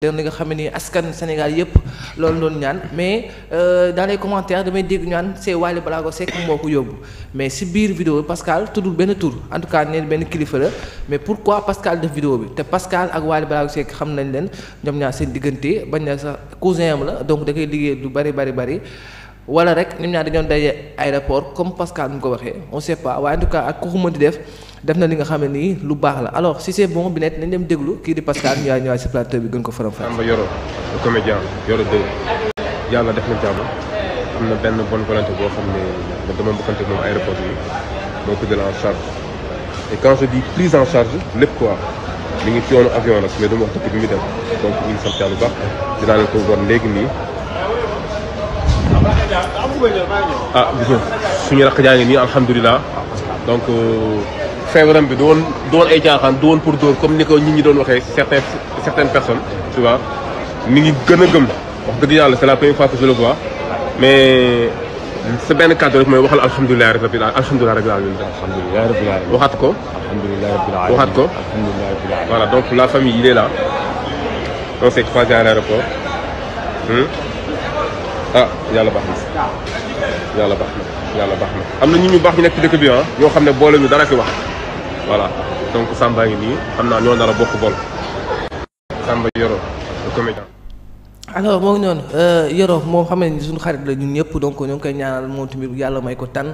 dén li nga xam ne ni askan Sénégal yëpp loolu doon ñaan mais euh, dans les commentaires damay dégg ñaan c'est Wally Ballago Seck moo ko yóbbu mais si biir vidéo bi Pascal tuddul benn tur en tout cas neen benn kilifa la mais pourquoi Pascal def vidéo bi te Pascal ak Wally Ballago Seck xam nañ leen ñoom ñaar seen diggante bañ na sax cousin am la donc da koy liggéey du bari bari bari wala rek ñoom ñaar dañoon daje aéroport comme Pascal mu ko waxee on sait pas def def na li nga xam ne nii lu baax la alors si c'est bon bi nekk nañ dem déglu kii di Pascal ñëwaat ñëwaat si plateau bi gën ko faram fàcce. yoro Yoro comédien Yoro de yàlla def na jàmm am na benn bonne volonté boo xam ne dama mbokkante moom aéroport bi moo ko jël en charge et quand je prise en charge lépp quoi. mi ngi ci yoonu avion nag mais dama wax dëkk bi muy dem donc ñu ngi sant yàlla ko war léegi nii ah suñu rakk jaa nii alhamdulilah donc. Euh, feebaram bi du woon ay jaaxaan du woon pour dóor comme ni ko nit ñi doon waxee certains certaines personnes tu vois mi ngi gën a gëm wax dëgg yàlla c'est la première fois que je le vois mais sa benn kàddu rek mooy waxal alhamdulilah rabbil alamin alhamdulilah rabbil alamin waxaat ko waxaat ko voilà donc la famille il est là on s'est croisé à l'aéroport hmm? ah yàlla baax na yàlla baax na yàlla baax na am na ñu ñu baax ñu nekk ci dëkk bi ah xam ne boole ñu dara fi wax voilà donc Samba ngi nii xam naa ñoo nar a bokk vol Samba Yoro le comédien alors moo ngi noonu euh, moom xam ne suñu xarit la ñun ñëpp donc ñoo ngi koy ñaanal moom tamit yàlla may ko tan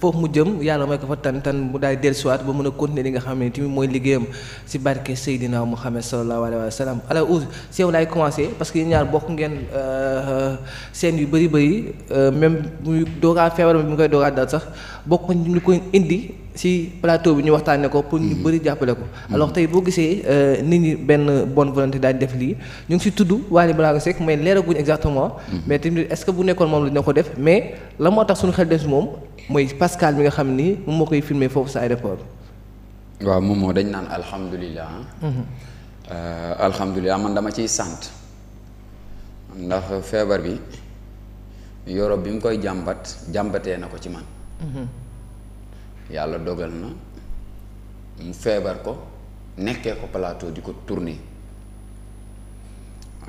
foofu mu jëm yàlla may ko fa tan tan mu daal di dellusiwaat ba mën a continuer li nga xam ne tamit mooy liggéeyam si barke Seydina Muhammad sallallahu alayhi wa sallam alors Ousse si yow laay commencé parce que yéen ñaar bokk ngeen euh, seen yu bëri bëri euh, même muy doogaa feebar bi mu koy doogaa dal sax bokk ñu ko indi. si plateau bi ñu waxtaanee ko pour ñu mhm. bëri jàppale ko mhm. alors tey boo gisee euh, nit ñi benn bonne volonté daal def lii ñu ngi si tudd Wally Ballago Seck mais leeraguñ exactement mhm. mais tamit est-ce que bu nekkoon moom la dina ko def mais la moo tax suñu xel des moom mooy Pascal mi nga xam ni moom ma koy filmé foofu sa aéroport waaw moom moo dañ naan alhamdulilah euh, alhamdulilah man dama ciy sant ndax feebar bi Europe bi mu koy jàmbat jàmbatee na ko ci man yàlla dogal na mu feebar ko nekkee ko palaato di ko tourner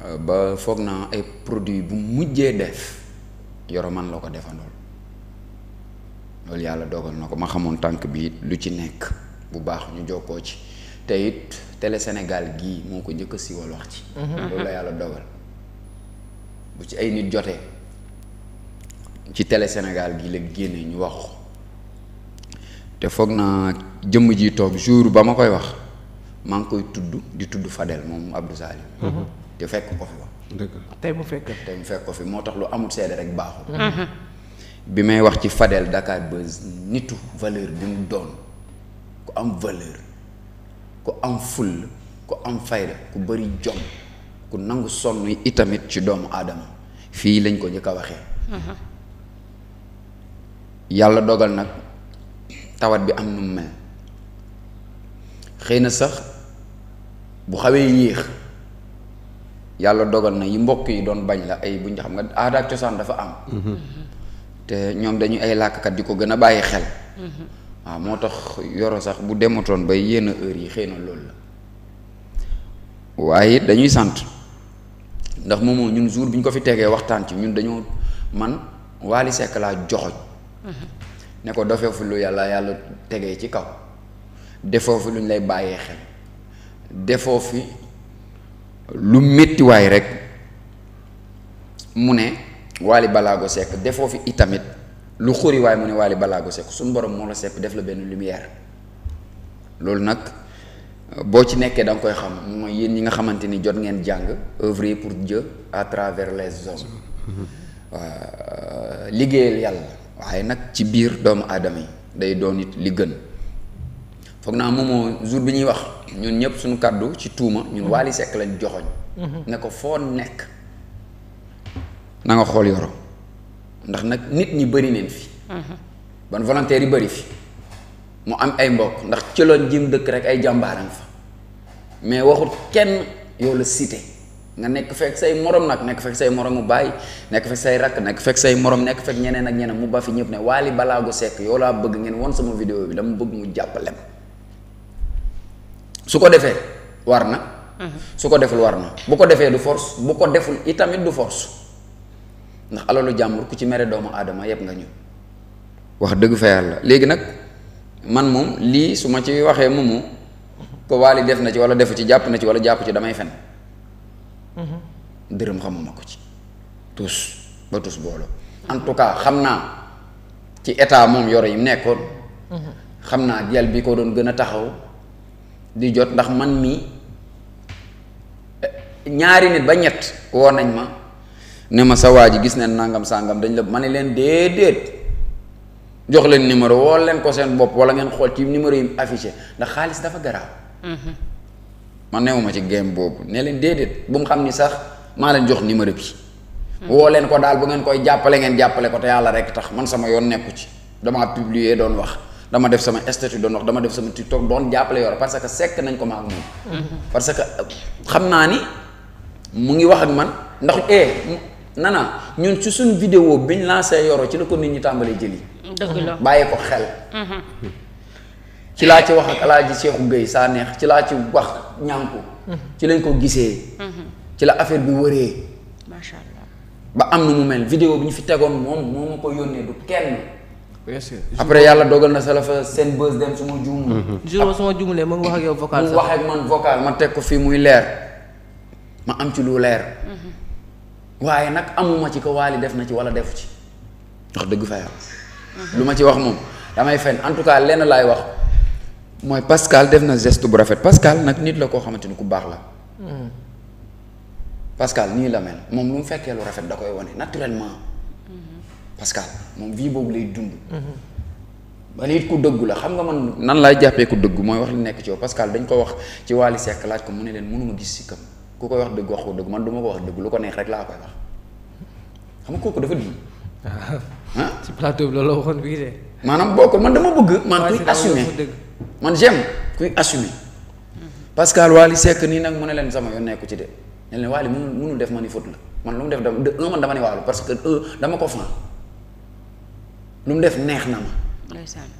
euh, ba foog naa ay produit bu mujjee def yoroman la ko defandool loolu yàlla dogal na ko ma xamoon tànk bi lu ci nekk bu baax ñu jokkoo ci te it télé Sénégal gii moo ko njëkk a siiwal wax ci mhm. loolu la yàlla dogal bu ci ay nit jotee ci télé Sénégal gii la génne ñu wax te foog naa jëmm ji toog jour ba ma koy wax maa ngi koy tudd di tudd Fadel moom Abdou Salim. Mhm. te fekk ko fi. fi moo tax lu amul seede rek baaxul. Mhm. bi may wax ci Fadel Dakar Buzz nitu valeur bi mu doon ku am valeur ku am full ku am fayda ku bëri jom ku nangu sonn itamit ci doomu aadama fii lañ ko njëkk a waxee. Mhm. yàlla dogal nag tawat bi am nu mu mel xëy na sax bu xawee yéex yàlla dogal na yi mbokk yi doon bañ la ay buñ xam nga aada cosaan dafa am mm-hmm. te ñoom dañuy ay làkkat di ko gën a bàyyi xel mm-hmm. waaw moo tax yoro sax bu demutoon ba yenn heure yi xëy na loolu la waaye dañuy sant ndax moom moomoo ñun jour bi ñu ko fi tegee waxtaan ci ñun dañoo man Wally Seck laa joxoñ mm-hmm. ne ko dofee fu lu yàlla yàlla tegee ci kaw defoo fi lu ñu lay bàyyee xel defoo fi lu méttiwaay rek mu ne Wally Ballago Seck defoo fi itamit lu xuri waay mu ne Wally Ballago Seck suñu borom moo la sepp def la benn lumière loolu nag boo ci nekkee danga koy xam mooy yéen ñi nga xamante ni jot ngeen jàng œuvrer pour Dieu à travers les hommes mm-hmm. waaw liggéeyal yàlla waaye nag ci biir doomu aadama yi day doon it li gën foog naa moomoo jour bi ñuy wax ñun ñëpp suñu kàddu ci tuuma ñun mm-hmm. Wally Seck lañ joxoñ mm-hmm. ne ko foo nekk na nga xool yoro ndax nag nit ñi bari neen fi mm-hmm. ban volontaire yi bëri fi mu am ay mbokk ndax ci loon jim dëkk rek ay jàmbaaram fa mais waxut kenn yow la nga nekk fekk say morom nag nekk fekk say morom mu bàyyi nekk fekk say rakk nekk fekk say morom nekk fekk ñeneen ak ñeneen mu ba fi ñëpp ne waali Ballago Seck yow laa bëgg ngeen won sama vidéo bi dama bëgg mu jàppale ma su ko defee war na. Mhm. su ko deful war na bu ko defee du force bu ko deful itamit du force ndax alalu jàmbur ku ci mere doomu aadama yëpp nga ñu. wax dëgg fa yàlla léegi nag man moom lii su ma ci waxee moomu ko Wally def na ci wala defu ci jàpp na ci wala jàpp ci damay fen Mm-hmm. dërëm xamuma ko ci tous ba tous booloo en tout cas xam naa ci état moom yore yi nekkoon mm-hmm. xam naa yàlla bi ko doon gën a taxaw di jot ndax man mii eh, ñaari nit ba ñett woo nañ ma ne ma sa waa ji gis neen nangam sàngam dañ la ma ne leen déedéet jox leen numéro woo leen ko seen bopp wala ngeen xool ci numéro yi affiché ndax xaalis dafa garaaw mm-hmm. man newuma ci game boobu ne leen déedéet bu mu xam ni sax maa leen jox numéro bi. woo leen ko daal bu ngeen koy jàppale ngeen jàppale ko te yàlla rek tax man sama yoon nekku ci damaa publier doon wax dama def sama statut doon wax dama def sama TikTok doon jàppale yor parce que sekk nañ ko ma ak moom. parce que xam naa ni mu ngi wax ak man ndax eh nana ñun ci suñ vidéo biñ lancé yoro ci la ko nit ñi tàmbalee jëli. dëgg la ko xel. Mm-hmm. ci laa ci wax ak alaaji Seexu Gueye saa neex ci laa ci wax ñànku ci lañ ko gisee ci la affaire bi wëree ba am na mu mel video bi ñu fi tegoon moom moo ma ko yónnee du kenn après yàlla dogal na sa la fa seen bës dem su ma juumul juróom su ak yow vocal mu ma teg ko fii muy leer ma am ci lu leer waaye nag amuma ci ko waali def na ci wala defu ci wax dëgg fa yàlla lu ma ci wax moom damay fen en tout cas lenn laay wax mooy Pascal def na geste bu rafet Pascal nag nit la koo xamante ni ku baax la. Hmm. Pascal nii la mel moom lu mu fekkee lu rafet da koy wane naturellement. Hmm. Pascal moom vie boobu lay dund. Hmm. ba nit ku dëgg la xam nga man nan laay jàppee ku dëgg mooy wax li nekk ci yow Pascal dañ ko wax ci Wally Seck laaj ko mu ne leen mënuma gis si ku koy wax dëgg wax ko dëgg man du ma ko wax dëgg lu ko neex rek laa koy wax xam nga kooku dafa di. ah ci plateau bi la maanaam bokkul man man kuy assumer man j'aime kuy assumer Pascal Waly Seck nii nag mu ne leen sama yoon nekku ci de ne leen Waly mënul mënul def ma ni faute la man lu mu def dama non man dama ne que euh, dama ko fan lu mu def neex na ma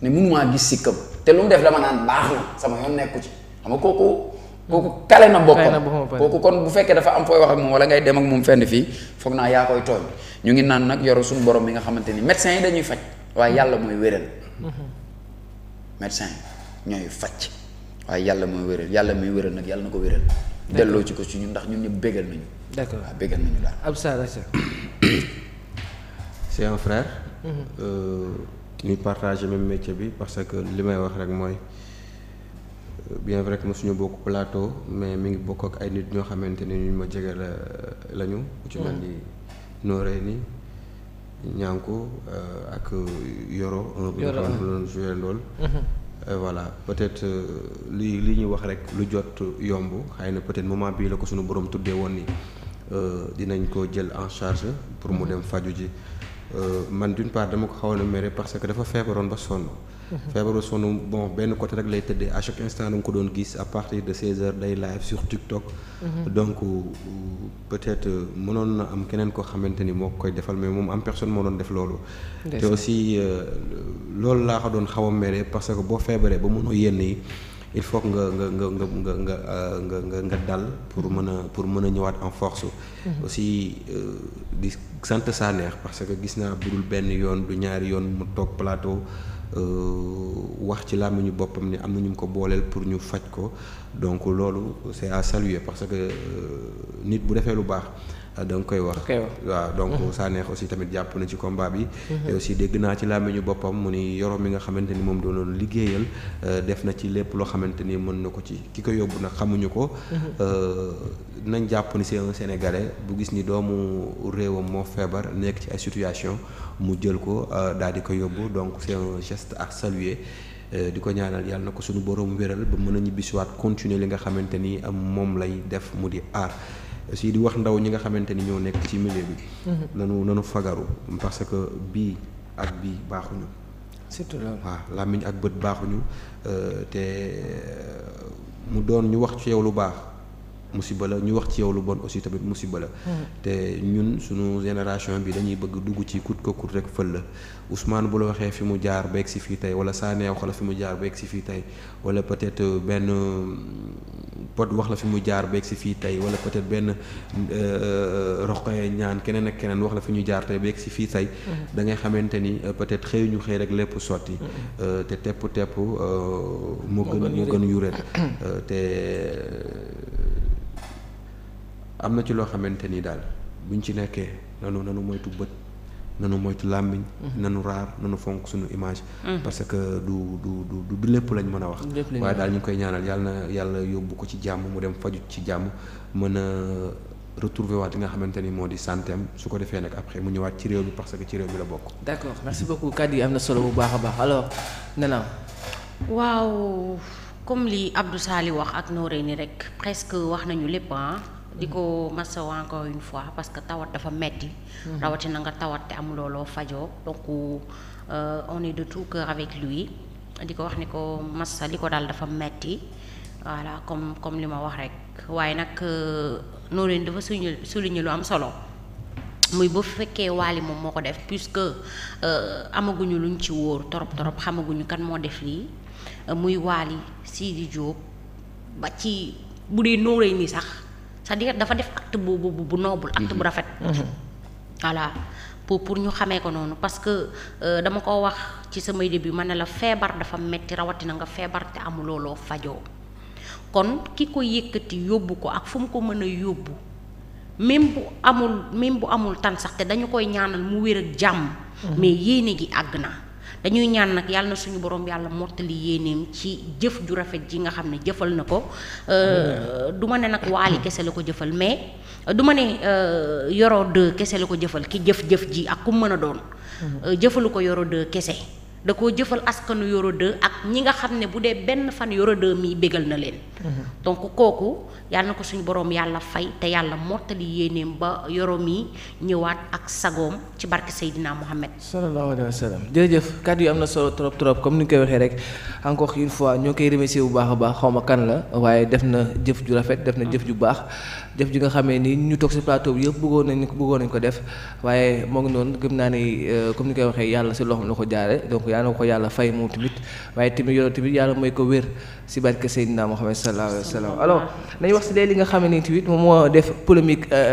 ne mënumaa gis sikkam te lu mu def dama naan baax na sama yoon nekku ci xam nga kooku kooku kale na boppam kooku kon bu fekkee dafa am fooy wax ak moom wala ngay dem ak moom fenn fii foog naa yaa koy tooñ ñu ngi naan nag yoru suñu borom bi nga xamante ni médecin yi dañuy faj waaye yàlla mooy wéral mhm. médecin ñooy faj waaye yàlla mooy wéral yàlla muy wéral nag yàlla na ko wéral delloo ci ko ci ñun ndax ñun ñëpp bégal nañu d'accord waaw bégal nañu daal ab sa c'est un frère mm-hmm. euh, ñu partage même métier bi parce que li may wax rek mooy euh, bien vrai que suñu bokk plateau mais mi ngi bokk ak ay nit ñoo xamante ne ñu ma jege la lañu. ku ci mel ni mm-hmm. Nooré ni Ñanku euh, ak Yoro. Yoro un bi nga xam ne loolu. Euh, voilà peut-être euh, li li ñuy wax rek lu jot yomb xëy na peut-être moment bii la ko suñu borom tuddee woon ni euh, dinañ ko jël en charge pour mu mhm. dem faju ji man d'une part dama ko xaw a mere parce que dafa feebaroon ba sonn mhm. feebaru sonn bon benn côté rek lay tëddee à chaque instant da nga ko doon gis à partir de 16h day live sur TikTok. Mhm. donc peut-être mënoon na am keneen koo xamante ni moo koy defal mais moom am personne moo doon def loolu. te aussi loolu laa ko doon xaw a mere parce que boo feebaree ba mënoo yenn yi il faut nga nga nga nga nga nga nga nga dal pour mën a pour mën a ñëwaat en force. Mhm. aussi euh, di sant saa neex parce que gis naa budul benn yoon du ñaari yoon mu toog plateau euh, wax ci làmmiñu boppam ni am na ñu ko booleel pour ñu faj ko donc loolu c'est à saluer parce que euh, nit bu defee lu baax. Ah, da nga koy wax. waaw donc mm-hmm. neex aussi tamit jàpp na ci combat bi. Mm-hmm. aussi dégg naa ci làmmiñu boppam mu ni yoro mi nga xamante ni moom doonoon liggéeyal euh, def na ci lépp loo xamante ni mën na ko ci ki ko yóbbu nag xamuñu ko. Mm-hmm. Euh, nañ jàpp ni c'est un bu gis ni doomu réewam moo feebar nekk ci situation mu jël ko euh, daal di ko yóbbu donc c'est un geste à saluer. di ko ñaanal yàlla na ko suñu boroom wéral ba mën a ñibbisiwaat continuer li nga xamante ni moom lay def mu di aar. aussi di wax ndaw ñi nga xamante ni ñoo nekk ci milieu bi. Mhm. nanu nanu fagaru parce que bii ak bii baaxuñu. surtout loolu làmmiñ ak bët baaxuñu euh, te euh, mu doon ñu wax ci yow lu baax. musiba la ñu wax ci yow lu bon aussi tamit musiba la. Mm. te ñun suñu génération bi dañuy bëgg dugg ci kut ko kut rek fël la Ousmane bu la waxee fi mu jaar ba egg si fii tey wala Sané fi mu jaar ba egg fii tey wala peut-être benn pot wax la fi mu jaar ba egg si fii tey wala peut-être benn euh, roqee ñaan keneen ak keneen wax la fi ñu jaar tey ba egg si fii tey. Mm. da ngay xamante ni euh, peut-être xëy ñu xëy rek lépp sotti. Mm. Euh, te tepp tepp moo gën moo gën yuréet te. am na ci loo xamante ni daal buñ ci nekkee nanu nanu moytu bët nanu moytu làmmiñ mhm. nanu raar nanu fonk suñu image mhm. parce que du du du du lépp lañ mën a wax waaye daal ñu ngi koy ñaanal yàlla na yàlla yóbbu ko ci jàmm mu dem faju ci jàmm mën a retrouver waat nga xamante ni moo di santeem su ko defee nag après mu ñëwaat ci réew mi parce que ci réew mi la bokk d'accord merci beaucoup kàddu yi am na solo bu baax a baax alors Nana waaw comme li Abdou Sali wax ak Nooré ni rek wax nañu lépp ah di ko masaw encore une fois parce que tawat dafa metti mhm. rawatina nga tawat te amuloo loo fajoo donc euh, on est de tout cœur avec lui di ko wax ni ko massa li ko daal dafa metti voilà comme comme li ma wax rek waaye nag euh, noo leen dafa suñu souligner lu am solo muy ba fekkee waali moom moo ko def puisque euh, amaguñu luñ ci wóor torop torop xamaguñu kan moo def lii muy waali Sidi Diop ba ci bu dee nóoree ni sax cest à dafa def acte bu bu bu noble bu mhm. rafet mhm. voilà pour pour ñu xamee ko noonu parce que euh, dama ko wax ci samay début ma ne la feebar dafa metti rawatina nga feebar te amuloo loo fajoo kon ki ko yëkkati yóbbu ko ak fu mu ko mën a yóbbu même bu amul même bu amul tan sax te dañu koy ñaanal mu wér ak jàmm mhm. mais yéene gi àgg na dañuy ñaan nag yàlla na suñu borom yàlla mottali yéeneem ci jëf ju rafet ji nga xam ne jëfal na ko euh, du ma ne nag waali kese la ko jëfal mais euh, du ma ne euh, yoro de kese la ko jëfal ki jëf-jëf ji ak ku mën a doon jëfalu ko yoro de kese da koo jëfal askanu Yoro 2 ak ñi nga xam ne bu dee benn fan Yoro 2 mii bégal na leen. Mhm. donc kooku yàlla na ko suñu borom yàlla fay te yàlla mottali yéeneem ba Yoro mi ñëwaat ak sagoom ci barke Seydina Mohamed. sallallahu alayhi wa sallam jërëjëf kàddu yi am na solo trop trop comme ni ñu koy waxee rek encore une fois ñoo koy remercier bu baax a baax xaw ma kan la waaye def na jëf ju rafet def na jëf ju baax jëf ji nga xamee ni ñu toog si plateau bi yëpp bëggoon nañu bëggoon nañu ko def waaye moo ngi noonu gëm naa ni euh, comme ni ñu koy waxee yàlla si loxoom la ko jaare donc yal na ko yàlla fay moom tamit waaye tamit yow tamit yàlla mooy ko wér si barke Seydina Muhammad sallallahu alayhi wa sallam alors nañu wax si léegi li nga xam ne nii tamit moom moo def polémique. Euh,